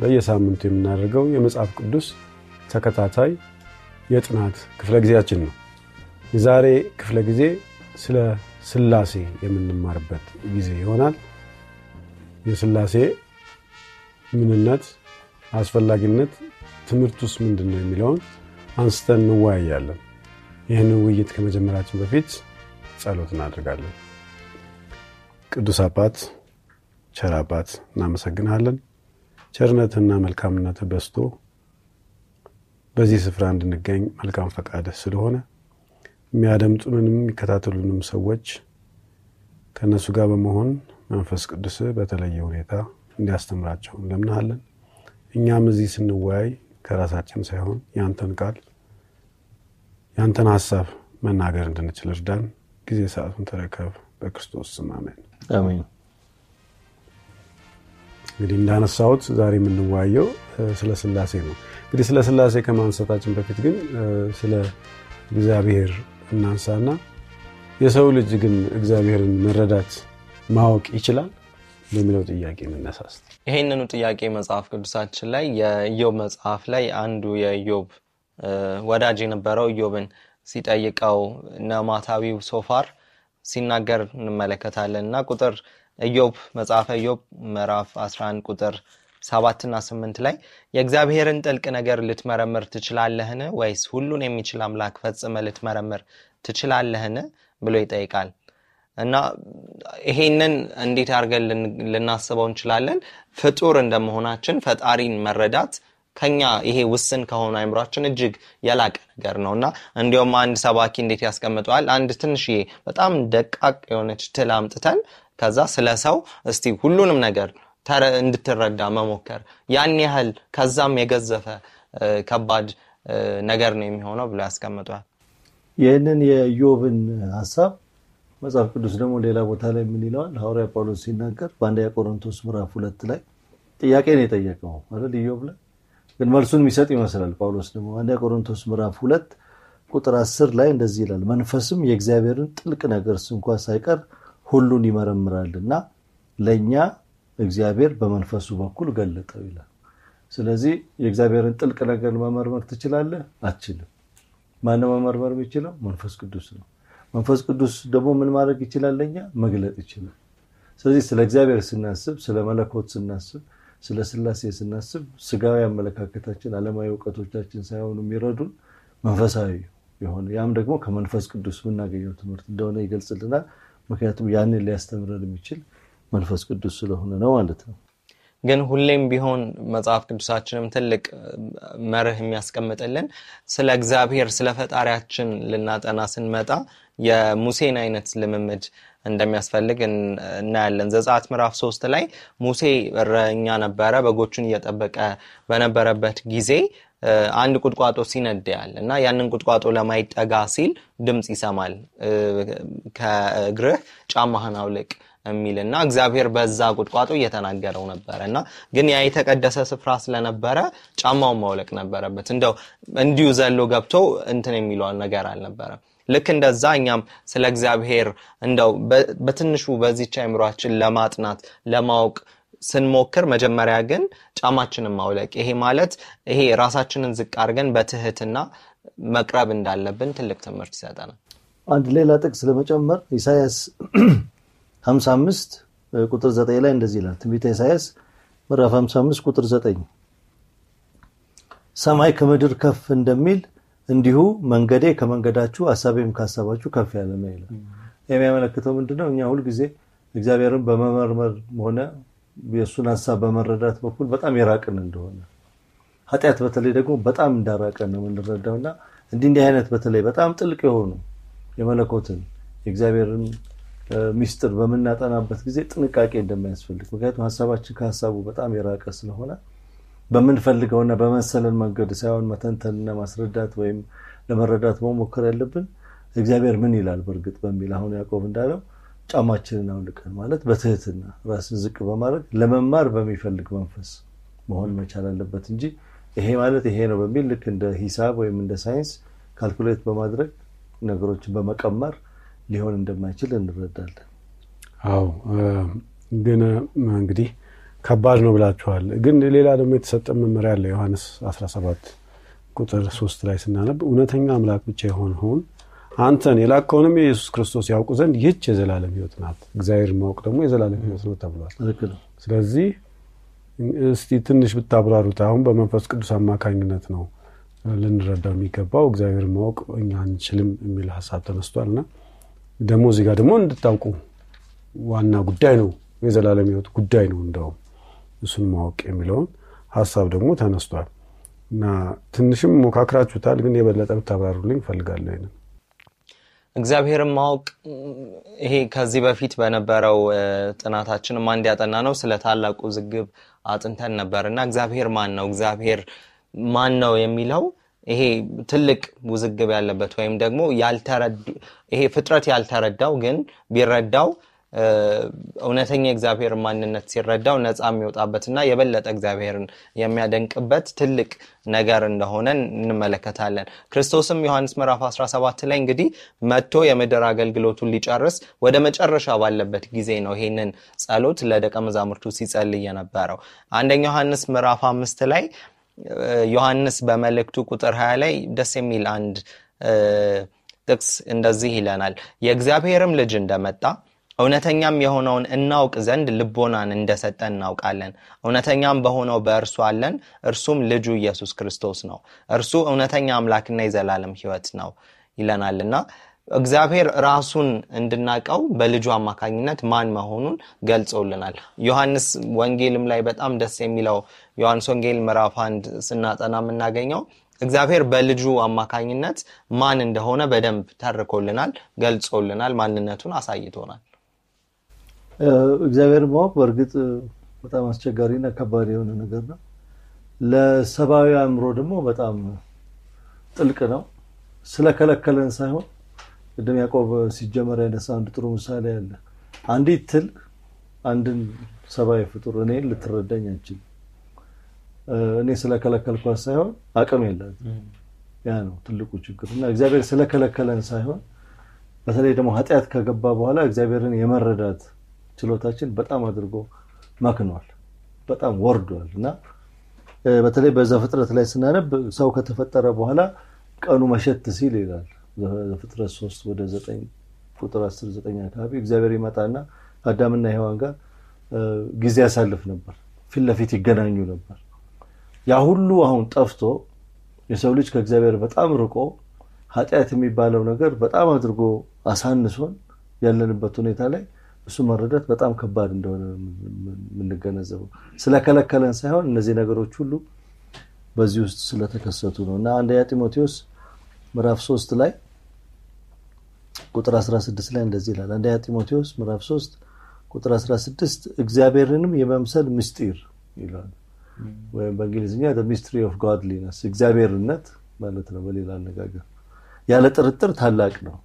በየሳምንቱ የምናደርገው የመጽሐፍ ቅዱስ ተከታታይ የጥናት ክፍለ ጊዜያችን ነው። የዛሬ ክፍለ ጊዜ ስለ ስላሴ የምንማርበት ጊዜ ይሆናል። የስላሴ ምንነት፣ አስፈላጊነት፣ ትምህርት ውስጥ ምንድን ነው የሚለውን አንስተን እንወያያለን። ይህንን ውይይት ከመጀመራችን በፊት ጸሎት እናደርጋለን። ቅዱስ አባት፣ ቸር አባት እናመሰግናለን። ቸርነትና መልካምነት በስቶ በዚህ ስፍራ እንድንገኝ መልካም ፈቃደ ስለሆነ የሚያደምጡንም የሚከታተሉንም ሰዎች ከእነሱ ጋር በመሆን መንፈስ ቅዱስ በተለየ ሁኔታ እንዲያስተምራቸው እንለምናሃለን። እኛም እዚህ ስንወያይ ከራሳችን ሳይሆን ያንተን ቃል ያንተን ሀሳብ መናገር እንድንችል እርዳን። ጊዜ ሰዓቱን ተረከብ። በክርስቶስ ስም አሜን። እንግዲህ እንዳነሳሁት ዛሬ የምንወያየው ስለ ስላሴ ነው። እንግዲህ ስለ ስላሴ ከማንሳታችን በፊት ግን ስለ እግዚአብሔር እናንሳና የሰው ልጅ ግን እግዚአብሔርን መረዳት ማወቅ ይችላል ለሚለው ጥያቄ እንነሳስ። ይህንኑ ጥያቄ መጽሐፍ ቅዱሳችን ላይ የኢዮብ መጽሐፍ ላይ አንዱ የኢዮብ ወዳጅ የነበረው ኢዮብን ሲጠይቀው ነማታዊው ሶፋር ሲናገር እንመለከታለን እና ቁጥር ኢዮብ መጽሐፈ ኢዮብ ምዕራፍ 11 ቁጥር ሰባትና ስምንት ላይ የእግዚአብሔርን ጥልቅ ነገር ልትመረምር ትችላለህን? ወይስ ሁሉን የሚችል አምላክ ፈጽመ ልትመረምር ትችላለህን? ብሎ ይጠይቃል። እና ይሄንን እንዴት አድርገን ልናስበው እንችላለን? ፍጡር እንደመሆናችን ፈጣሪን መረዳት ከኛ ይሄ ውስን ከሆኑ አይምሯችን እጅግ የላቀ ነገር ነው እና እንዲሁም አንድ ሰባኪ እንዴት ያስቀምጠዋል? አንድ ትንሽ በጣም ደቃቅ የሆነች ትል አምጥተን ከዛ ስለ ሰው እስቲ ሁሉንም ነገር እንድትረዳ መሞከር ያን ያህል ከዛም የገዘፈ ከባድ ነገር ነው የሚሆነው ብሎ ያስቀምጠዋል። ይህንን የዮብን ሀሳብ መጽሐፍ ቅዱስ ደግሞ ሌላ ቦታ ላይ ምን ይለዋል? ሐዋርያ ጳውሎስ ሲናገር በአንደኛ ቆሮንቶስ ምራፍ ሁለት ላይ ጥያቄ ነው የጠየቀው አይደል ዮብ ላይ ግን መልሱን የሚሰጥ ይመስላል ጳውሎስ ደግሞ አንደኛ ቆሮንቶስ ምዕራፍ ሁለት ቁጥር አስር ላይ እንደዚህ ይላል መንፈስም የእግዚአብሔርን ጥልቅ ነገር ስንኳ ሳይቀር ሁሉን ይመረምራል እና ለእኛ እግዚአብሔር በመንፈሱ በኩል ገለጠው ይላል። ስለዚህ የእግዚአብሔርን ጥልቅ ነገር መመርመር ትችላለህ? አትችልም። ማነው መመርመር የሚችለው? መንፈስ ቅዱስ ነው። መንፈስ ቅዱስ ደግሞ ምን ማድረግ ይችላል? ለእኛ መግለጥ ይችላል። ስለዚህ ስለ እግዚአብሔር ስናስብ፣ ስለ መለኮት ስናስብ ስለ ስላሴ ስናስብ ስጋዊ አመለካከታችን አለማዊ እውቀቶቻችን ሳይሆኑ የሚረዱን መንፈሳዊ የሆነ ያም ደግሞ ከመንፈስ ቅዱስ የምናገኘው ትምህርት እንደሆነ ይገልጽልናል። ምክንያቱም ያንን ሊያስተምረን የሚችል መንፈስ ቅዱስ ስለሆነ ነው ማለት ነው። ግን ሁሌም ቢሆን መጽሐፍ ቅዱሳችንም ትልቅ መርህ የሚያስቀምጥልን ስለ እግዚአብሔር ስለ ፈጣሪያችን ልናጠና ስንመጣ የሙሴን አይነት ልምምድ እንደሚያስፈልግ እናያለን። ዘጻት ምዕራፍ ሶስት ላይ ሙሴ እረኛ ነበረ፣ በጎቹን እየጠበቀ በነበረበት ጊዜ አንድ ቁጥቋጦ ሲነድያል እና ያንን ቁጥቋጦ ለማይጠጋ ሲል ድምፅ ይሰማል፣ ከእግርህ ጫማህን አውልቅ የሚል እና እግዚአብሔር በዛ ቁጥቋጦ እየተናገረው ነበረ እና ግን ያ የተቀደሰ ስፍራ ስለነበረ ጫማውን ማውለቅ ነበረበት። እንደው እንዲሁ ዘሎ ገብቶ እንትን የሚለዋል ነገር አልነበረም። ልክ እንደዛ እኛም ስለ እግዚአብሔር እንደው በትንሹ በዚች አይምሯችን ለማጥናት ለማወቅ ስንሞክር መጀመሪያ ግን ጫማችንን ማውለቅ ይሄ ማለት ይሄ ራሳችንን ዝቅ አድርገን በትህትና መቅረብ እንዳለብን ትልቅ ትምህርት ይሰጠናል። አንድ ሌላ ጥቅስ ለመጨመር ኢሳያስ 55 ቁጥር 9 ላይ እንደዚህ ይላል። ትንቢተ ኢሳያስ ምዕራፍ 55 ቁጥር 9 ሰማይ ከምድር ከፍ እንደሚል እንዲሁ መንገዴ ከመንገዳችሁ አሳቤም ከሀሳባችሁ ከፍ ያለ ነው ይላል። የሚያመለክተው ምንድነው? እኛ ሁልጊዜ እግዚአብሔርን በመመርመር ሆነ የእሱን ሀሳብ በመረዳት በኩል በጣም የራቅን እንደሆነ ኃጢአት በተለይ ደግሞ በጣም እንዳራቀን ነው የምንረዳው እና እንዲህ እንዲህ አይነት በተለይ በጣም ጥልቅ የሆኑ የመለኮትን የእግዚአብሔርን ሚስጥር በምናጠናበት ጊዜ ጥንቃቄ እንደማያስፈልግ ምክንያቱም ሀሳባችን ከሀሳቡ በጣም የራቀ ስለሆነ በምንፈልገውና በመሰለን መንገድ ሳይሆን መተንተንና ማስረዳት ወይም ለመረዳት መሞከር ያለብን እግዚአብሔር ምን ይላል በእርግጥ በሚል አሁን ያዕቆብ እንዳለው ጫማችንን አውልቀን ማለት በትህትና ራስን ዝቅ በማድረግ ለመማር በሚፈልግ መንፈስ መሆን መቻል አለበት እንጂ ይሄ ማለት ይሄ ነው በሚል ልክ እንደ ሂሳብ ወይም እንደ ሳይንስ ካልኩሌት በማድረግ ነገሮችን በመቀመር ሊሆን እንደማይችል እንረዳለን። አዎ ግን እንግዲህ ከባድ ነው ብላችኋል። ግን ሌላ ደግሞ የተሰጠ መመሪያ አለ። ዮሐንስ 17 ቁጥር 3 ላይ ስናነብ እውነተኛ አምላክ ብቻ ሆን አንተን የላከውንም የኢየሱስ ክርስቶስ ያውቁ ዘንድ ይህች የዘላለም ሕይወት ናት። እግዚአብሔር ማወቅ ደግሞ የዘላለም ሕይወት ነው ተብሏል። ስለዚህ እስቲ ትንሽ ብታብራሩት። አሁን በመንፈስ ቅዱስ አማካኝነት ነው ልንረዳው የሚገባው። እግዚአብሔር ማወቅ እኛ አንችልም የሚል ሀሳብ ተነስቷል እና ደግሞ እዚህ ጋር ደግሞ እንድታውቁ ዋና ጉዳይ ነው የዘላለም ሕይወት ጉዳይ ነው እንደውም እሱን ማወቅ የሚለውን ሀሳብ ደግሞ ተነስቷል እና ትንሽም ሞካክራችሁታል፣ ግን የበለጠ ብታብራሩልኝ እፈልጋለሁ። እግዚአብሔርን ማወቅ ይሄ ከዚህ በፊት በነበረው ጥናታችንም አንድ ያጠና ነው ስለ ታላቁ ዝግብ አጥንተን ነበር እና እግዚአብሔር ማን ነው እግዚአብሔር ማን ነው የሚለው ይሄ ትልቅ ውዝግብ ያለበት ወይም ደግሞ ይሄ ፍጥረት ያልተረዳው ግን ቢረዳው እውነተኛ እግዚአብሔር ማንነት ሲረዳው ነፃ የሚወጣበትና የበለጠ እግዚአብሔርን የሚያደንቅበት ትልቅ ነገር እንደሆነ እንመለከታለን። ክርስቶስም ዮሐንስ ምዕራፍ 17 ላይ እንግዲህ መጥቶ የምድር አገልግሎቱን ሊጨርስ ወደ መጨረሻ ባለበት ጊዜ ነው ይህንን ጸሎት ለደቀ መዛሙርቱ ሲጸልይ የነበረው። አንደኛ ዮሐንስ ምዕራፍ አምስት ላይ ዮሐንስ በመልእክቱ ቁጥር 20 ላይ ደስ የሚል አንድ ጥቅስ እንደዚህ ይለናል የእግዚአብሔርም ልጅ እንደመጣ እውነተኛም የሆነውን እናውቅ ዘንድ ልቦናን እንደሰጠ እናውቃለን። እውነተኛም በሆነው በእርሱ አለን፣ እርሱም ልጁ ኢየሱስ ክርስቶስ ነው። እርሱ እውነተኛ አምላክና የዘላለም ህይወት ነው ይለናልና እግዚአብሔር ራሱን እንድናቀው በልጁ አማካኝነት ማን መሆኑን ገልጾልናል። ዮሐንስ ወንጌልም ላይ በጣም ደስ የሚለው ዮሐንስ ወንጌል ምዕራፍ አንድ ስናጠና የምናገኘው እግዚአብሔር በልጁ አማካኝነት ማን እንደሆነ በደንብ ተርኮልናል፣ ገልጾልናል፣ ማንነቱን አሳይቶናል። እግዚአብሔር ማወቅ በእርግጥ በጣም አስቸጋሪና ከባድ የሆነ ነገር ነው። ለሰብአዊ አእምሮ ደግሞ በጣም ጥልቅ ነው። ስለከለከለን ሳይሆን ቅድም ያዕቆብ ሲጀመር ያነሳ አንድ ጥሩ ምሳሌ አለ። አንዲት ትል አንድን ሰብአዊ ፍጡር እኔ ልትረዳኝ አችል እኔ ስለከለከልኳት ሳይሆን አቅም የላት። ያ ነው ትልቁ ችግር እና እግዚአብሔር ስለከለከለን ሳይሆን በተለይ ደግሞ ኃጢአት ከገባ በኋላ እግዚአብሔርን የመረዳት ችሎታችን በጣም አድርጎ መክኗል፣ በጣም ወርዷል እና በተለይ በዛ ፍጥረት ላይ ስናነብ ሰው ከተፈጠረ በኋላ ቀኑ መሸት ሲል ይላል ፍጥረት ሶስት ወደ ዘጠኝ ቁጥር አስር ዘጠኝ አካባቢ እግዚአብሔር ይመጣና አዳምና ሔዋን ጋር ጊዜ ያሳልፍ ነበር፣ ፊት ለፊት ይገናኙ ነበር። ያ ሁሉ አሁን ጠፍቶ የሰው ልጅ ከእግዚአብሔር በጣም ርቆ ኃጢአት የሚባለው ነገር በጣም አድርጎ አሳንሶን ያለንበት ሁኔታ ላይ እሱ መረዳት በጣም ከባድ እንደሆነ የምንገነዘበው ስለከለከለን ሳይሆን እነዚህ ነገሮች ሁሉ በዚህ ውስጥ ስለተከሰቱ ነው እና አንደኛ ጢሞቴዎስ ምዕራፍ ሶስት ላይ ቁጥር 16 ላይ እንደዚህ ይላል። አንደኛ ጢሞቴዎስ ምዕራፍ ሶስት ቁጥር 16 እግዚአብሔርንም የመምሰል ምስጢር ይላል፣ ወይም በእንግሊዝኛ ሚስትሪ ኦፍ ጋድሊነስ እግዚአብሔርነት ማለት ነው። በሌላ አነጋገር ያለ ጥርጥር ታላቅ ነው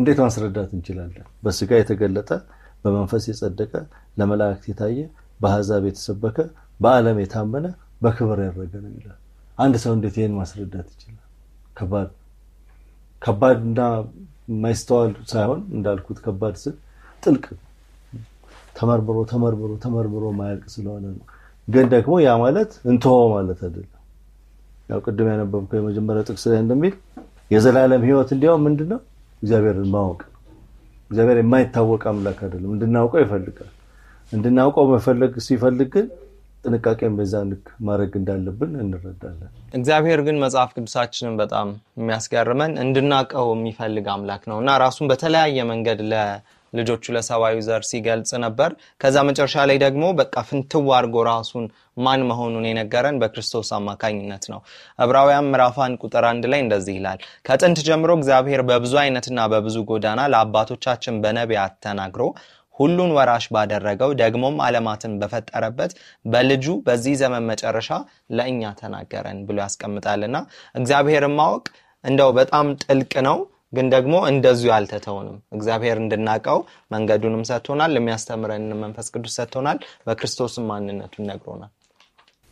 እንዴት ማስረዳት እንችላለን? በስጋ የተገለጠ በመንፈስ የጸደቀ ለመላእክት የታየ በአሕዛብ የተሰበከ በዓለም የታመነ በክብር ያረገ ነው ይላል። አንድ ሰው እንዴት ይህን ማስረዳት ይችላል? ከባድ ከባድ እና ማይስተዋል ሳይሆን እንዳልኩት ከባድ ስል ጥልቅ ተመርምሮ ተመርምሮ ተመርምሮ ማያልቅ ስለሆነ ነው። ግን ደግሞ ያ ማለት እንትሆ ማለት አይደለም። ያው ቅድም ያነበብከው የመጀመሪያ ጥቅስ ላይ እንደሚል የዘላለም ሕይወት እንዲያውም ምንድን ነው እግዚአብሔርን ማወቅ። እግዚአብሔር የማይታወቅ አምላክ አይደለም፣ እንድናውቀው ይፈልጋል። እንድናውቀው መፈለግ ሲፈልግ ግን ጥንቃቄን በዛ ልክ ማድረግ እንዳለብን እንረዳለን። እግዚአብሔር ግን መጽሐፍ ቅዱሳችንን በጣም የሚያስገርመን እንድናውቀው የሚፈልግ አምላክ ነው እና ራሱን በተለያየ መንገድ ልጆቹ ለሰብአዊ ዘር ሲገልጽ ነበር። ከዛ መጨረሻ ላይ ደግሞ በቃ ፍንትው አርጎ ራሱን ማን መሆኑን የነገረን በክርስቶስ አማካኝነት ነው። ዕብራውያን ምራፋን ቁጥር አንድ ላይ እንደዚህ ይላል፣ ከጥንት ጀምሮ እግዚአብሔር በብዙ አይነትና በብዙ ጎዳና ለአባቶቻችን በነቢያት ተናግሮ ሁሉን ወራሽ ባደረገው ደግሞም አለማትን በፈጠረበት በልጁ በዚህ ዘመን መጨረሻ ለእኛ ተናገረን ብሎ ያስቀምጣልና እግዚአብሔርን ማወቅ እንደው በጣም ጥልቅ ነው። ግን ደግሞ እንደዚሁ አልተተውንም። እግዚአብሔር እንድናቀው መንገዱንም ሰጥቶናል። የሚያስተምረን መንፈስ ቅዱስ ሰጥቶናል። በክርስቶስም ማንነቱን ነግሮናል።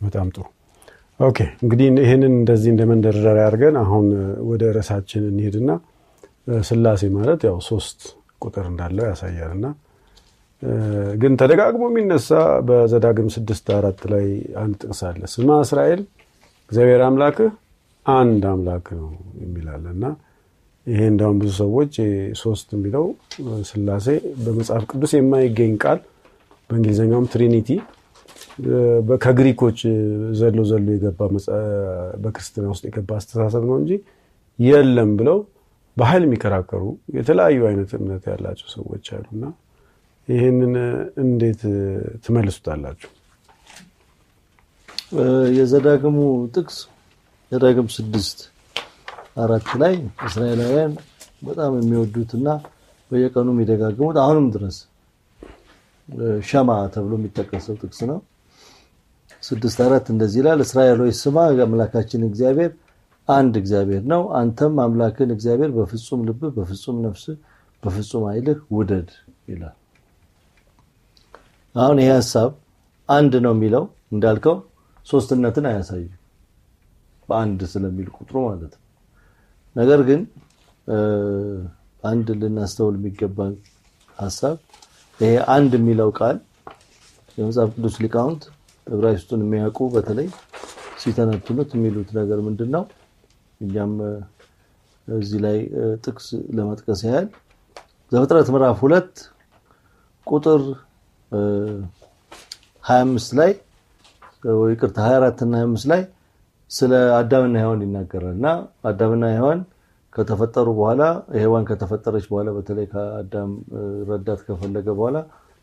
በጣም ጥሩ። ኦኬ እንግዲህ ይህንን እንደዚህ እንደ መንደርደሪያ አድርገን አሁን ወደ ረሳችን እንሄድና ስላሴ ማለት ያው ሶስት ቁጥር እንዳለው ያሳያል እና ግን ተደጋግሞ የሚነሳ በዘዳግም ስድስት አራት ላይ አንድ ጥቅስ አለ። ስማ እስራኤል እግዚአብሔር አምላክህ አንድ አምላክ ነው የሚላል እና ይሄ እንዳሁን ብዙ ሰዎች ሶስት የሚለው ስላሴ በመጽሐፍ ቅዱስ የማይገኝ ቃል በእንግሊዝኛውም ትሪኒቲ ከግሪኮች ዘሎ ዘሎ የገባ በክርስትና ውስጥ የገባ አስተሳሰብ ነው እንጂ የለም ብለው በኃይል የሚከራከሩ የተለያዩ አይነት እምነት ያላቸው ሰዎች አሉና ይህንን እንዴት ትመልሱታላችሁ? የዘዳግሙ ጥቅስ ዘዳግም ስድስት አራት ላይ እስራኤላውያን በጣም የሚወዱትና በየቀኑ የሚደጋግሙት አሁንም ድረስ ሸማ ተብሎ የሚጠቀሰው ጥቅስ ነው። ስድስት አራት እንደዚህ ይላል፣ እስራኤሎች ስማ፣ አምላካችን እግዚአብሔር አንድ እግዚአብሔር ነው። አንተም አምላክን እግዚአብሔር በፍጹም ልብ በፍጹም ነፍስ በፍጹም ኃይልህ ውደድ ይላል። አሁን ይሄ ሀሳብ አንድ ነው የሚለው እንዳልከው ሶስትነትን አያሳይም፣ በአንድ ስለሚል ቁጥሩ ማለት ነው። ነገር ግን አንድ ልናስተውል የሚገባ ሀሳብ ይሄ አንድ የሚለው ቃል የመጽሐፍ ቅዱስ ሊቃውንት ዕብራይስጡን የሚያውቁ በተለይ ሲተነትኑት የሚሉት ነገር ምንድን ነው? እኛም እዚህ ላይ ጥቅስ ለመጥቀስ ያህል ዘፍጥረት ምዕራፍ ሁለት ቁጥር 25 ላይ ወይ ይቅርታ 24 እና 25 ላይ ስለ አዳምና ሔዋን ይናገራል እና አዳምና ሔዋን ከተፈጠሩ በኋላ ሔዋን ከተፈጠረች በኋላ በተለይ ከአዳም ረዳት ከፈለገ በኋላ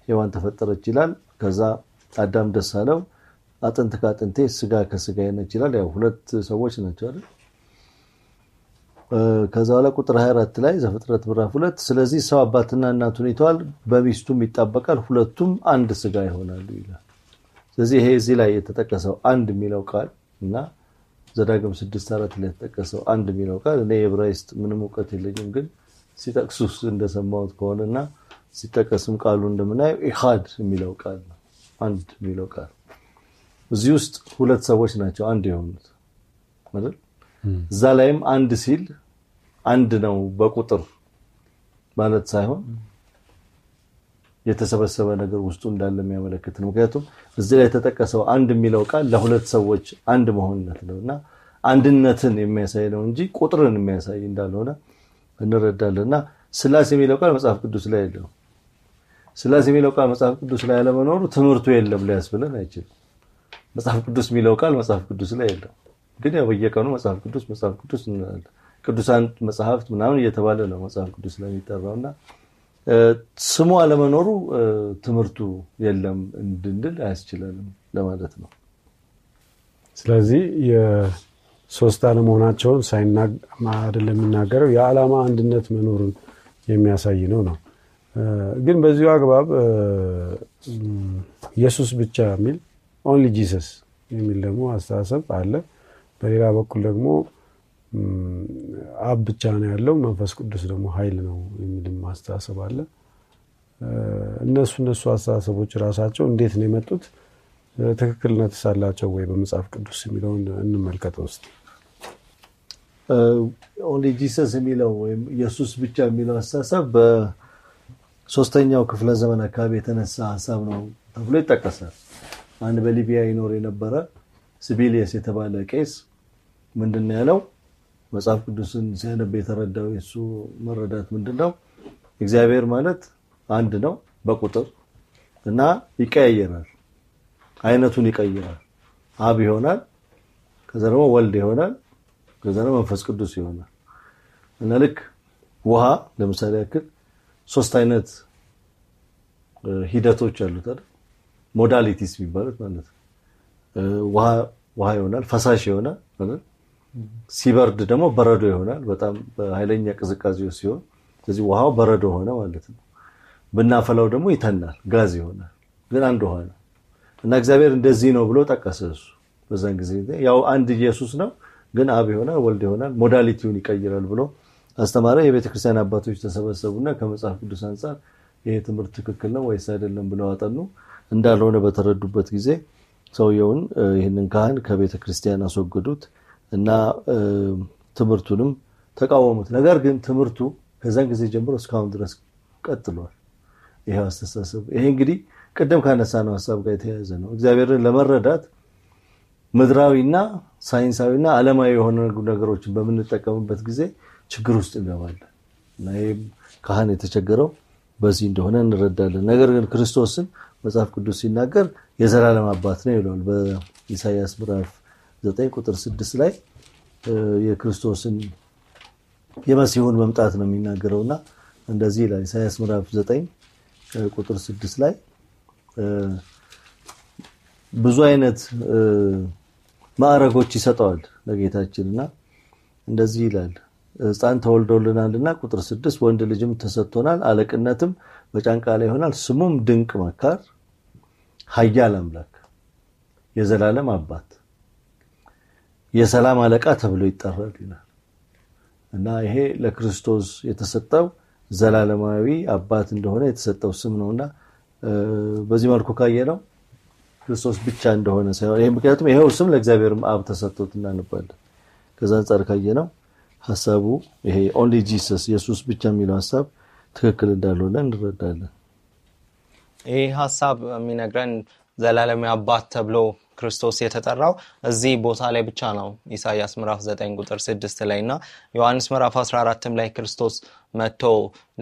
ሔዋን ተፈጠረች ይላል። ከዛ አዳም ደስ አለው፣ አጥንት ከአጥንቴ ስጋ ከስጋ ነች ይላል። ያው ሁለት ሰዎች ናቸው አይደል? ከዛ በኋላ ቁጥር 24 ላይ ዘፍጥረት ምዕራፍ ሁለት ስለዚህ ሰው አባትና እናቱን ይተዋል፣ በሚስቱም ይጣበቃል፣ ሁለቱም አንድ ስጋ ይሆናሉ ይላል። ስለዚህ ይሄ እዚህ ላይ የተጠቀሰው አንድ የሚለው ቃል እና ዘዳግም ስድስት አራት ላይ የተጠቀሰው አንድ የሚለው ቃል እኔ የብራይስጥ ምንም እውቀት የለኝም፣ ግን ሲጠቅሱ እንደሰማሁት ከሆነ እና ሲጠቀስም ቃሉ እንደምናየው ኢሃድ የሚለው ቃል ነው። አንድ የሚለው ቃል እዚህ ውስጥ ሁለት ሰዎች ናቸው አንድ የሆኑት አይደል? እዛ ላይም አንድ ሲል አንድ ነው በቁጥር ማለት ሳይሆን የተሰበሰበ ነገር ውስጡ እንዳለ የሚያመለክት ነው። ምክንያቱም እዚህ ላይ የተጠቀሰው አንድ የሚለው ቃል ለሁለት ሰዎች አንድ መሆንነት ነው እና አንድነትን የሚያሳይ ነው እንጂ ቁጥርን የሚያሳይ እንዳልሆነ እንረዳለን እና ስላሴ የሚለው ቃል መጽሐፍ ቅዱስ ላይ የለም። ስላሴ የሚለው ቃል መጽሐፍ ቅዱስ ላይ አለመኖሩ ትምህርቱ የለም ሊያስብለን አይችልም። መጽሐፍ ቅዱስ የሚለው ቃል መጽሐፍ ቅዱስ ላይ የለም። ግን ያው በየቀኑ መጽሐፍ ቅዱስ መጽሐፍ ቅዱስ ቅዱሳን መጽሐፍት ምናምን እየተባለ ነው መጽሐፍ ቅዱስ ላይ የሚጠራውና ስሙ አለመኖሩ ትምህርቱ የለም እንድንል አያስችለንም ለማለት ነው። ስለዚህ የሶስት አለመሆናቸውን አይደለም የሚናገረው የዓላማ አንድነት መኖሩን የሚያሳይ ነው ነው። ግን በዚሁ አግባብ ኢየሱስ ብቻ የሚል ኦንሊ ጂሰስ የሚል ደግሞ አስተሳሰብ አለ። በሌላ በኩል ደግሞ አብ ብቻ ነው ያለው፣ መንፈስ ቅዱስ ደግሞ ኃይል ነው የሚልም አስተሳሰብ አለ። እነሱ እነሱ አስተሳሰቦች ራሳቸው እንዴት ነው የመጡት? ትክክልነት አላቸው ወይ? በመጽሐፍ ቅዱስ የሚለውን እንመልከተው እስኪ። ኦንሊ ጂሰስ የሚለው ወይም ኢየሱስ ብቻ የሚለው አስተሳሰብ በሶስተኛው ክፍለ ዘመን አካባቢ የተነሳ ሀሳብ ነው ተብሎ ይጠቀሳል። አንድ በሊቢያ ይኖር የነበረ ሲቢሊየስ የተባለ ቄስ ምንድን ነው ያለው መጽሐፍ ቅዱስን ሲያነብ የተረዳው የሱ መረዳት ምንድን ነው? እግዚአብሔር ማለት አንድ ነው በቁጥር እና ይቀያየራል፣ አይነቱን ይቀይራል። አብ ይሆናል፣ ከዛ ደግሞ ወልድ ይሆናል፣ ከዛ ደግሞ መንፈስ ቅዱስ ይሆናል እና ልክ ውሃ ለምሳሌ ያክል ሶስት አይነት ሂደቶች አሉት አይደል? ሞዳሊቲስ የሚባሉት ማለት ነው። ውሃ ይሆናል፣ ፈሳሽ ይሆናል ሲበርድ ደግሞ በረዶ ይሆናል። በጣም በኃይለኛ ቅዝቃዜ ሲሆን ስለዚህ ውሃው በረዶ ሆነ ማለት ነው። ብናፈላው ደግሞ ይተናል፣ ጋዝ ይሆናል። ግን አንድ ውሃ ነው እና እግዚአብሔር እንደዚህ ነው ብሎ ጠቀሰ። እሱ በዛን ጊዜ ያው አንድ ኢየሱስ ነው፣ ግን አብ ይሆናል፣ ወልድ ይሆናል፣ ሞዳሊቲውን ይቀይራል ብሎ አስተማረ። የቤተክርስቲያን አባቶች ተሰበሰቡና ከመጽሐፍ ቅዱስ አንጻር ይሄ ትምህርት ትክክል ነው ወይስ አይደለም ብለው አጠኑ። እንዳልሆነ በተረዱበት ጊዜ ሰውየውን ይህንን ካህን ከቤተክርስቲያን አስወገዱት። እና ትምህርቱንም ተቃወሙት። ነገር ግን ትምህርቱ ከዛን ጊዜ ጀምሮ እስካሁን ድረስ ቀጥሏል። ይሄ አስተሳሰብ ይሄ እንግዲህ ቅድም ካነሳ ነው ሀሳብ ጋር የተያያዘ ነው። እግዚአብሔርን ለመረዳት ምድራዊና ሳይንሳዊና ዓለማዊ የሆነ ነገሮችን በምንጠቀምበት ጊዜ ችግር ውስጥ እንገባለን እና ይህም ካህን የተቸገረው በዚህ እንደሆነ እንረዳለን። ነገር ግን ክርስቶስን መጽሐፍ ቅዱስ ሲናገር የዘላለም አባት ነው ይለዋል በኢሳያስ ምዕራፍ ዘጠኝ ቁጥር ስድስት ላይ የክርስቶስን የመሲሁን መምጣት ነው የሚናገረው እና እንደዚህ ይላል። ኢሳያስ ምዕራፍ ዘጠኝ ቁጥር ስድስት ላይ ብዙ አይነት ማዕረጎች ይሰጠዋል ለጌታችን እና እንደዚህ ይላል ህፃን ተወልዶልናል እና ቁጥር ስድስት ወንድ ልጅም ተሰጥቶናል፣ አለቅነትም በጫንቃ ላይ ይሆናል። ስሙም ድንቅ መካር፣ ሀያል አምላክ፣ የዘላለም አባት፣ የሰላም አለቃ ተብሎ ይጠራል ይላል እና ይሄ ለክርስቶስ የተሰጠው ዘላለማዊ አባት እንደሆነ የተሰጠው ስም ነውና በዚህ መልኩ ካየ ነው ክርስቶስ ብቻ እንደሆነ ሳይሆን ይሄ ምክንያቱም ይሄው ስም ለእግዚአብሔር አብ ተሰጥቶት እናንባለን። ከዛ አንጻር ካየ ነው ሐሳቡ ይሄ ኦንሊ ጂሰስ ኢየሱስ ብቻ የሚለው ሐሳብ ትክክል እንዳልሆነ እንረዳለን። ይሄ ሐሳብ የሚነግረን ዘላለማዊ አባት ተብሎ ክርስቶስ የተጠራው እዚህ ቦታ ላይ ብቻ ነው። ኢሳያስ ምራፍ 9 ቁጥር 6 ላይ እና ዮሐንስ ምራፍ 14 ላይ ክርስቶስ መጥቶ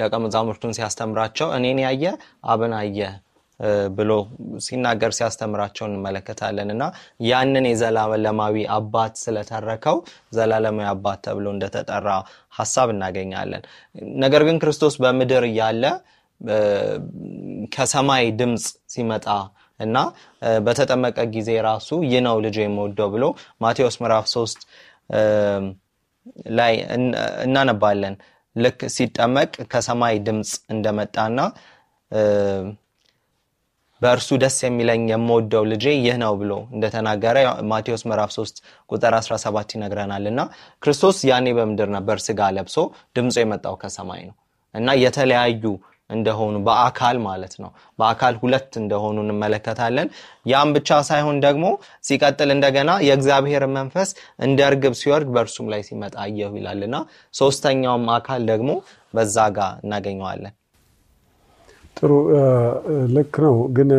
ደቀ መዛሙርቱን ሲያስተምራቸው እኔን ያየ አብን አየ ብሎ ሲናገር ሲያስተምራቸው እንመለከታለን እና ያንን የዘላለማዊ አባት ስለተረከው ዘላለማዊ አባት ተብሎ እንደተጠራ ሀሳብ እናገኛለን። ነገር ግን ክርስቶስ በምድር እያለ ከሰማይ ድምፅ ሲመጣ እና በተጠመቀ ጊዜ ራሱ ይህ ነው ልጅ የምወደው ብሎ ማቴዎስ ምዕራፍ ሶስት ላይ እናነባለን። ልክ ሲጠመቅ ከሰማይ ድምፅ እንደመጣና በእርሱ ደስ የሚለኝ የምወደው ልጄ ይህ ነው ብሎ እንደተናገረ ማቴዎስ ምዕራፍ 3 ቁጥር 17 ይነግረናል። እና ክርስቶስ ያኔ በምድር ነበር ስጋ ለብሶ ድምፁ የመጣው ከሰማይ ነው እና የተለያዩ እንደሆኑ በአካል ማለት ነው። በአካል ሁለት እንደሆኑ እንመለከታለን። ያም ብቻ ሳይሆን ደግሞ ሲቀጥል እንደገና የእግዚአብሔር መንፈስ እንደ እርግብ ሲወርድ በእርሱም ላይ ሲመጣ አየሁ ይላልና ሶስተኛውም አካል ደግሞ በዛ ጋር እናገኘዋለን። ጥሩ ልክ ነው። ግን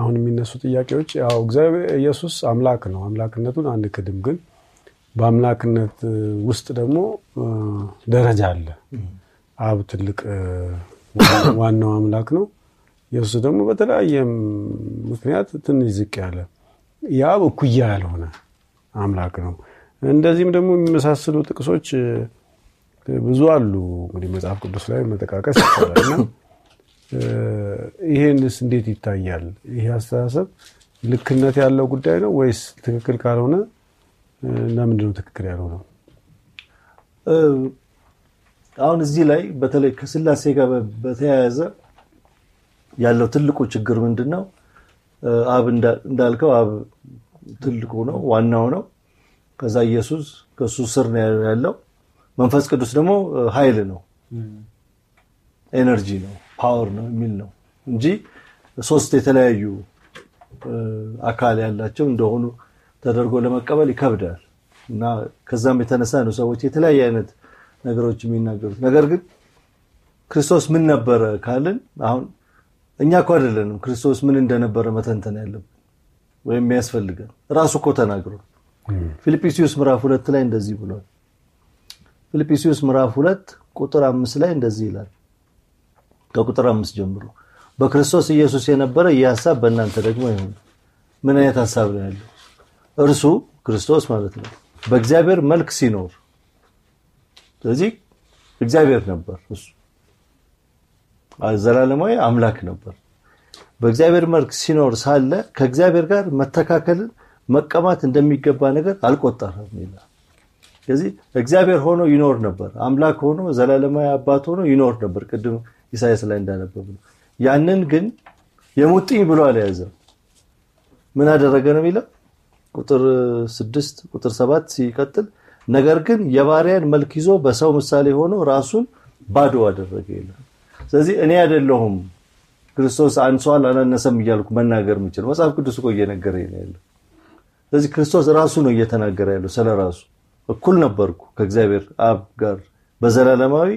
አሁን የሚነሱ ጥያቄዎች ያው እግዚአብሔር ኢየሱስ አምላክ ነው፣ አምላክነቱን ክድም ግን በአምላክነት ውስጥ ደግሞ ደረጃ አለ። አብ ትልቅ ዋናው አምላክ ነው። የእሱ ደግሞ በተለያየ ምክንያት ትንሽ ዝቅ ያለ ያ እኩያ ያልሆነ አምላክ ነው። እንደዚህም ደግሞ የሚመሳስሉ ጥቅሶች ብዙ አሉ። እንግዲህ መጽሐፍ ቅዱስ ላይ መጠቃቀስ ይቻላል እና ይሄንስ እንዴት ይታያል? ይሄ አስተሳሰብ ልክነት ያለው ጉዳይ ነው ወይስ ትክክል ካልሆነ ለምንድን ትክክል ያልሆነው? አሁን እዚህ ላይ በተለይ ከስላሴ ጋር በተያያዘ ያለው ትልቁ ችግር ምንድን ነው? አብ እንዳልከው አብ ትልቁ ነው፣ ዋናው ነው። ከዛ ኢየሱስ ከሱ ስር ነው ያለው። መንፈስ ቅዱስ ደግሞ ኃይል ነው፣ ኤነርጂ ነው፣ ፓወር ነው የሚል ነው እንጂ ሶስት የተለያዩ አካል ያላቸው እንደሆኑ ተደርጎ ለመቀበል ይከብዳል እና ከዛም የተነሳ ነው ሰዎች የተለያየ አይነት ነገሮች የሚናገሩት። ነገር ግን ክርስቶስ ምን ነበረ ካልን አሁን እኛ እኮ አይደለንም ክርስቶስ ምን እንደነበረ መተንተን ያለብን ወይም የሚያስፈልገን? ራሱ እኮ ተናግሯል። ፊልጵስዩስ ምዕራፍ ሁለት ላይ እንደዚህ ብሏል። ፊልጵስዩስ ምዕራፍ ሁለት ቁጥር አምስት ላይ እንደዚህ ይላል። ከቁጥር አምስት ጀምሮ በክርስቶስ ኢየሱስ የነበረ ይህ ሀሳብ በእናንተ ደግሞ ይሁን። ምን አይነት ሀሳብ ነው ያለው? እርሱ ክርስቶስ ማለት ነው በእግዚአብሔር መልክ ሲኖር ስለዚህ እግዚአብሔር ነበር እሱ ዘላለማዊ አምላክ ነበር። በእግዚአብሔር መልክ ሲኖር ሳለ ከእግዚአብሔር ጋር መተካከልን መቀማት እንደሚገባ ነገር አልቆጠረም ይላል። ስለዚህ እግዚአብሔር ሆኖ ይኖር ነበር፣ አምላክ ሆኖ ዘላለማዊ አባት ሆኖ ይኖር ነበር። ቅድም ኢሳያስ ላይ እንዳነበብ ነው። ያንን ግን የሙጥኝ ብሎ አልያዘም። ምን አደረገ ነው የሚለው ቁጥር ስድስት ቁጥር ሰባት ሲቀጥል ነገር ግን የባሪያን መልክ ይዞ በሰው ምሳሌ ሆኖ ራሱን ባዶ አደረገ ይላል። ስለዚህ እኔ አይደለሁም ክርስቶስ አንሷል አላነሰም እያልኩ መናገር የምችል መጽሐፍ ቅዱስ እኮ እየነገረኝ ነው ስለዚህ ክርስቶስ ራሱ ነው እየተናገረ ያለው ስለ ራሱ። እኩል ነበርኩ ከእግዚአብሔር አብ ጋር በዘላለማዊ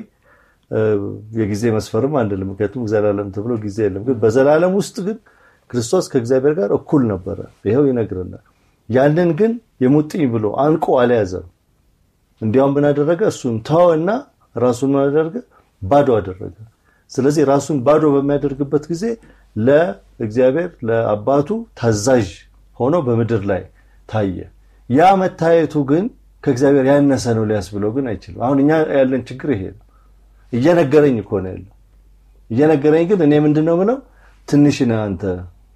የጊዜ መስፈርም አንልም፣ ምክንያቱም ዘላለም ተብሎ ጊዜ የለም። ግን በዘላለም ውስጥ ግን ክርስቶስ ከእግዚአብሔር ጋር እኩል ነበረ፣ ይኸው ይነግረናል። ያንን ግን የሙጥኝ ብሎ አንቆ አልያዘም። እንዲያውም ምን አደረገ? እሱን ተወና ራሱን ምን አደረገ? ባዶ አደረገ። ስለዚህ ራሱን ባዶ በሚያደርግበት ጊዜ ለእግዚአብሔር ለአባቱ ታዛዥ ሆኖ በምድር ላይ ታየ። ያ መታየቱ ግን ከእግዚአብሔር ያነሰ ነው ሊያስብለው ግን አይችልም። አሁን እኛ ያለን ችግር ይሄ ነው። እየነገረኝ እኮ ነው ያለው። እየነገረኝ ግን እኔ ምንድን ነው ምለው ትንሽ ነህ አንተ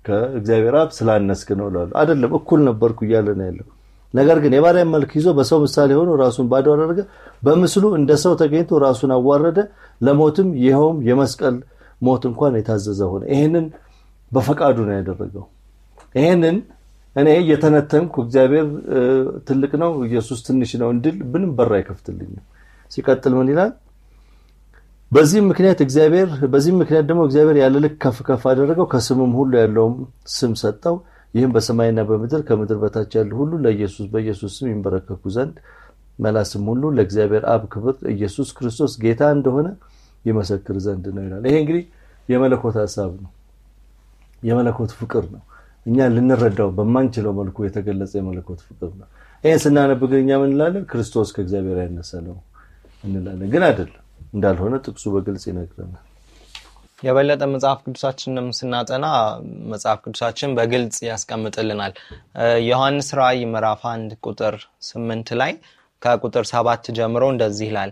ከእግዚአብሔር አብ ስላነስክ ነው እላለሁ። አይደለም እኩል ነበርኩ እያለ ነው ያለው። ነገር ግን የባሪያ መልክ ይዞ በሰው ምሳሌ ሆኖ ራሱን ባዶ አደረገ፣ በምስሉ እንደ ሰው ተገኝቶ ራሱን አዋረደ፣ ለሞትም ይኸውም የመስቀል ሞት እንኳን የታዘዘ ሆነ። ይህንን በፈቃዱ ነው ያደረገው። ይህንን እኔ እየተነተንኩ እግዚአብሔር ትልቅ ነው ኢየሱስ ትንሽ ነው እንድል ብንም በር አይከፍትልኝም። ሲቀጥል ምን ይላል? በዚህም ምክንያት እግዚአብሔር በዚህም ምክንያት ደግሞ እግዚአብሔር ያለ ልክ ከፍ ከፍ አደረገው፣ ከስምም ሁሉ ያለውም ስም ሰጠው ይህም በሰማይና በምድር ከምድር በታች ያሉ ሁሉ ለኢየሱስ በኢየሱስ ስም ይንበረከኩ ዘንድ መላስም ሁሉ ለእግዚአብሔር አብ ክብር ኢየሱስ ክርስቶስ ጌታ እንደሆነ ይመሰክር ዘንድ ነው ይላል። ይሄ እንግዲህ የመለኮት ሀሳብ ነው። የመለኮት ፍቅር ነው። እኛ ልንረዳው በማንችለው መልኩ የተገለጸ የመለኮት ፍቅር ነው። ይህን ስናነብ ግን እኛ ምን እንላለን? ክርስቶስ ከእግዚአብሔር ያነሰ ነው እንላለን። ግን አይደለም፣ እንዳልሆነ ጥቅሱ በግልጽ ይነግረናል። የበለጠ መጽሐፍ ቅዱሳችንም ስናጠና መጽሐፍ ቅዱሳችን በግልጽ ያስቀምጥልናል። ዮሐንስ ራይ ምዕራፍ አንድ ቁጥር ስምንት ላይ ከቁጥር ሰባት ጀምሮ እንደዚህ ይላል፣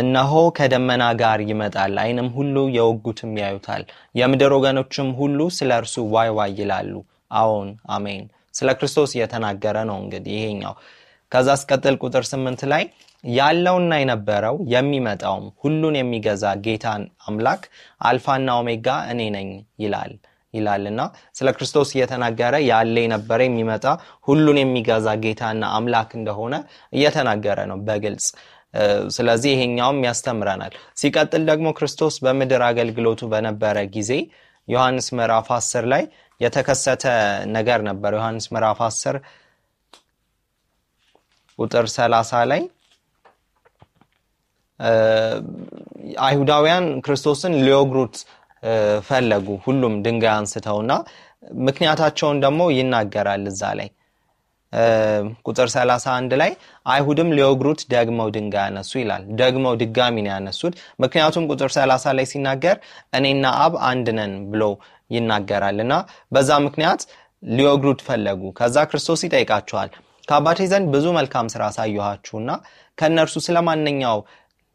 እነሆ ከደመና ጋር ይመጣል፣ አይንም ሁሉ የወጉትም ያዩታል፣ የምድር ወገኖችም ሁሉ ስለ እርሱ ዋይ ዋይ ይላሉ። አዎን አሜን። ስለ ክርስቶስ እየተናገረ ነው። እንግዲህ ይሄኛው ከዛ አስቀጥል ቁጥር ስምንት ላይ ያለውና የነበረው የሚመጣውም ሁሉን የሚገዛ ጌታን አምላክ አልፋና ኦሜጋ እኔ ነኝ ይላል ይላልና ስለ ክርስቶስ እየተናገረ ያለ የነበረ የሚመጣ ሁሉን የሚገዛ ጌታና አምላክ እንደሆነ እየተናገረ ነው በግልጽ። ስለዚህ ይሄኛውም ያስተምረናል። ሲቀጥል ደግሞ ክርስቶስ በምድር አገልግሎቱ በነበረ ጊዜ ዮሐንስ ምዕራፍ 10 ላይ የተከሰተ ነገር ነበር። ዮሐንስ ምዕራፍ 10 ቁጥር 30 ላይ አይሁዳውያን ክርስቶስን ሊወግሩት ፈለጉ። ሁሉም ድንጋይ አንስተውና ምክንያታቸውን ደግሞ ይናገራል እዛ ላይ ቁጥር 31 ላይ አይሁድም ሊወግሩት ደግመው ድንጋይ ያነሱ ይላል። ደግመው ድጋሚ ነው ያነሱት። ምክንያቱም ቁጥር 30 ላይ ሲናገር እኔና አብ አንድ ነን ብሎ ይናገራል እና በዛ ምክንያት ሊወግሩት ፈለጉ። ከዛ ክርስቶስ ይጠይቃቸዋል ከአባቴ ዘንድ ብዙ መልካም ስራ ሳየኋችሁና ከእነርሱ ስለማንኛው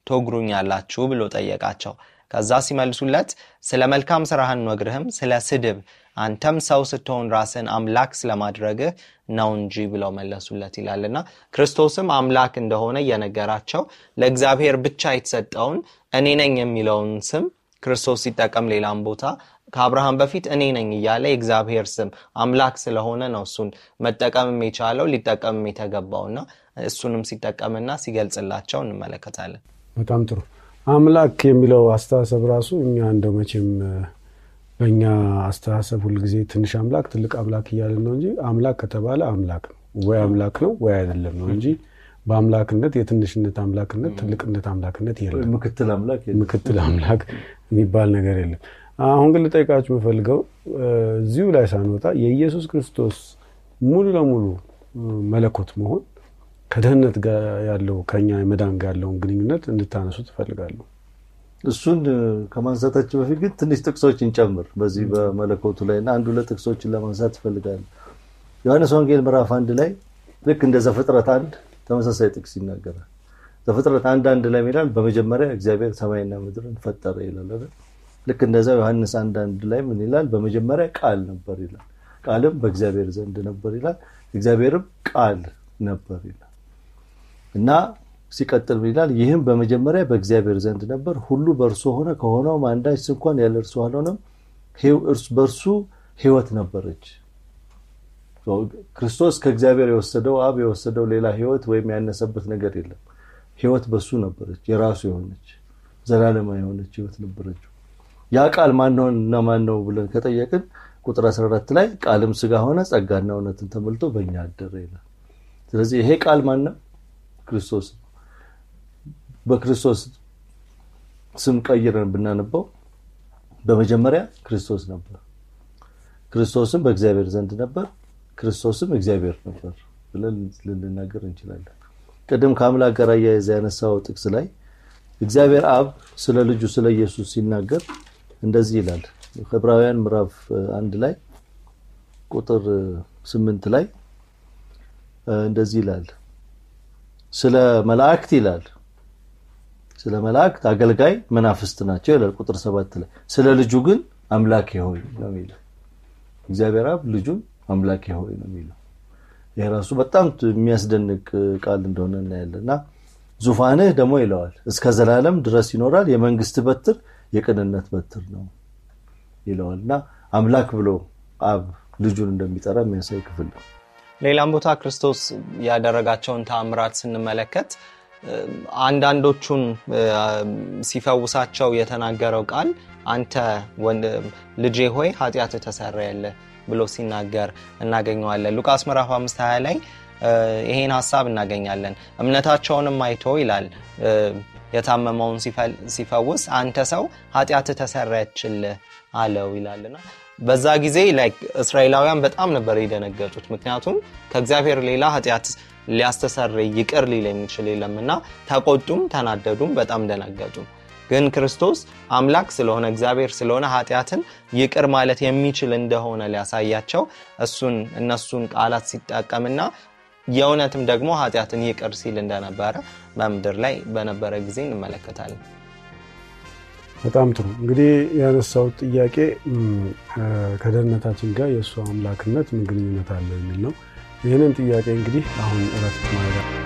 ትወግሩኛላችሁ ብሎ ጠየቃቸው። ከዛ ሲመልሱለት ስለ መልካም ስራህን ነግርህም ስለ ስድብ አንተም ሰው ስትሆን ራስን አምላክ ስለማድረግህ ነው እንጂ ብለው መለሱለት ይላልና ክርስቶስም አምላክ እንደሆነ እየነገራቸው ለእግዚአብሔር ብቻ የተሰጠውን እኔ ነኝ የሚለውን ስም ክርስቶስ ሲጠቀም ሌላም ቦታ ከአብርሃም በፊት እኔ ነኝ እያለ የእግዚአብሔር ስም አምላክ ስለሆነ ነው እሱን መጠቀምም የቻለው ሊጠቀምም የተገባውና እሱንም ሲጠቀምና ሲገልጽላቸው እንመለከታለን። በጣም ጥሩ አምላክ የሚለው አስተሳሰብ ራሱ እኛ እንደው መቼም በእኛ አስተሳሰብ ሁልጊዜ ትንሽ አምላክ ትልቅ አምላክ እያለን ነው እንጂ አምላክ ከተባለ አምላክ ነው ወይ አምላክ ነው ወይ አይደለም ነው እንጂ በአምላክነት የትንሽነት አምላክነት ትልቅነት አምላክነት የለም። ምክትል አምላክ የሚባል ነገር የለም። አሁን ግን ልጠይቃችሁ የምፈልገው እዚሁ ላይ ሳንወጣ የኢየሱስ ክርስቶስ ሙሉ ለሙሉ መለኮት መሆን ከደህንነት ጋር ያለው ከኛ የመዳን ጋር ያለውን ግንኙነት እንድታነሱ ትፈልጋሉ። እሱን ከማንሳታችን በፊት ግን ትንሽ ጥቅሶችን ጨምር በዚህ በመለኮቱ ላይ እና አንድ ሁለት ጥቅሶችን ለማንሳት ትፈልጋለሁ። ዮሐንስ ወንጌል ምዕራፍ አንድ ላይ ልክ እንደ ዘፍጥረት አንድ ተመሳሳይ ጥቅስ ይናገራል። ዘፍጥረት አንድ አንድ ላይ ይላል በመጀመሪያ እግዚአብሔር ሰማይና ምድርን ፈጠረ ይላል። ልክ እንደዛ ዮሐንስ አንድ አንድ ላይ ምን ይላል? በመጀመሪያ ቃል ነበር ይላል። ቃልም በእግዚአብሔር ዘንድ ነበር ይላል። እግዚአብሔርም ቃል ነበር ይላል። እና ሲቀጥል ይላል ይህም በመጀመሪያ በእግዚአብሔር ዘንድ ነበር፣ ሁሉ በእርሱ ሆነ፣ ከሆነውም አንዳች እንኳን ያለ እርሱ አልሆነም። በእርሱ ሕይወት ነበረች። ክርስቶስ ከእግዚአብሔር የወሰደው አብ የወሰደው ሌላ ሕይወት ወይም ያነሰበት ነገር የለም። ሕይወት በሱ ነበረች፣ የራሱ የሆነች ዘላለማ የሆነች ሕይወት ነበረች። ያ ቃል ማንሆን እና ማን ነው ብለን ከጠየቅን ቁጥር 14 ላይ ቃልም ስጋ ሆነ ጸጋና እውነትን ተሞልቶ በእኛ አደረ ይላል። ስለዚህ ይሄ ቃል ማን ነው? ክርስቶስ በክርስቶስ ስም ቀይረን ብናነበው በመጀመሪያ ክርስቶስ ነበር፣ ክርስቶስም በእግዚአብሔር ዘንድ ነበር፣ ክርስቶስም እግዚአብሔር ነበር ብለን ልንናገር እንችላለን። ቅድም ከአምላክ ጋር አያይዘ ያነሳው ጥቅስ ላይ እግዚአብሔር አብ ስለ ልጁ ስለ ኢየሱስ ሲናገር እንደዚህ ይላል። ዕብራውያን ምዕራፍ አንድ ላይ ቁጥር ስምንት ላይ እንደዚህ ይላል ስለ መላእክት ይላል። ስለ መላእክት አገልጋይ መናፍስት ናቸው ይላል ቁጥር ሰባት ላይ። ስለ ልጁ ግን አምላክ ሆይ ነው የሚለው። እግዚአብሔር አብ ልጁን አምላክ ሆይ ነው የሚለው። ይሄ ራሱ በጣም የሚያስደንቅ ቃል እንደሆነ እናያለን እና ዙፋንህ ደግሞ ይለዋል እስከ ዘላለም ድረስ ይኖራል። የመንግስት በትር የቅንነት በትር ነው ይለዋል እና አምላክ ብሎ አብ ልጁን እንደሚጠራ የሚያሳይ ክፍል ነው። ሌላም ቦታ ክርስቶስ ያደረጋቸውን ተአምራት ስንመለከት አንዳንዶቹን ሲፈውሳቸው የተናገረው ቃል አንተ ልጄ ሆይ ኃጢአት ተሰረየልህ ብሎ ሲናገር እናገኘዋለን። ሉቃስ ምዕራፍ 5 20 ላይ ይሄን ሀሳብ እናገኛለን። እምነታቸውንም አይቶ ይላል የታመመውን ሲፈውስ አንተ ሰው ኃጢአት ተሰረየችልህ አለው ይላልና በዛ ጊዜ ላይክ እስራኤላውያን በጣም ነበር የደነገጡት። ምክንያቱም ከእግዚአብሔር ሌላ ኃጢአት ሊያስተሰርይ ይቅር ሊል የሚችል የለምና ተቆጡም፣ ተናደዱም፣ በጣም ደነገጡ ግን ክርስቶስ አምላክ ስለሆነ እግዚአብሔር ስለሆነ ኃጢአትን ይቅር ማለት የሚችል እንደሆነ ሊያሳያቸው እሱን እነሱን ቃላት ሲጠቀምና የእውነትም ደግሞ ኃጢአትን ይቅር ሲል እንደነበረ በምድር ላይ በነበረ ጊዜ እንመለከታለን። በጣም ጥሩ እንግዲህ ያነሳሁት ጥያቄ ከደህንነታችን ጋር የእሱ አምላክነት ምን ግንኙነት አለው የሚል ነው። ይህንን ጥያቄ እንግዲህ አሁን እረፍት ማድረግ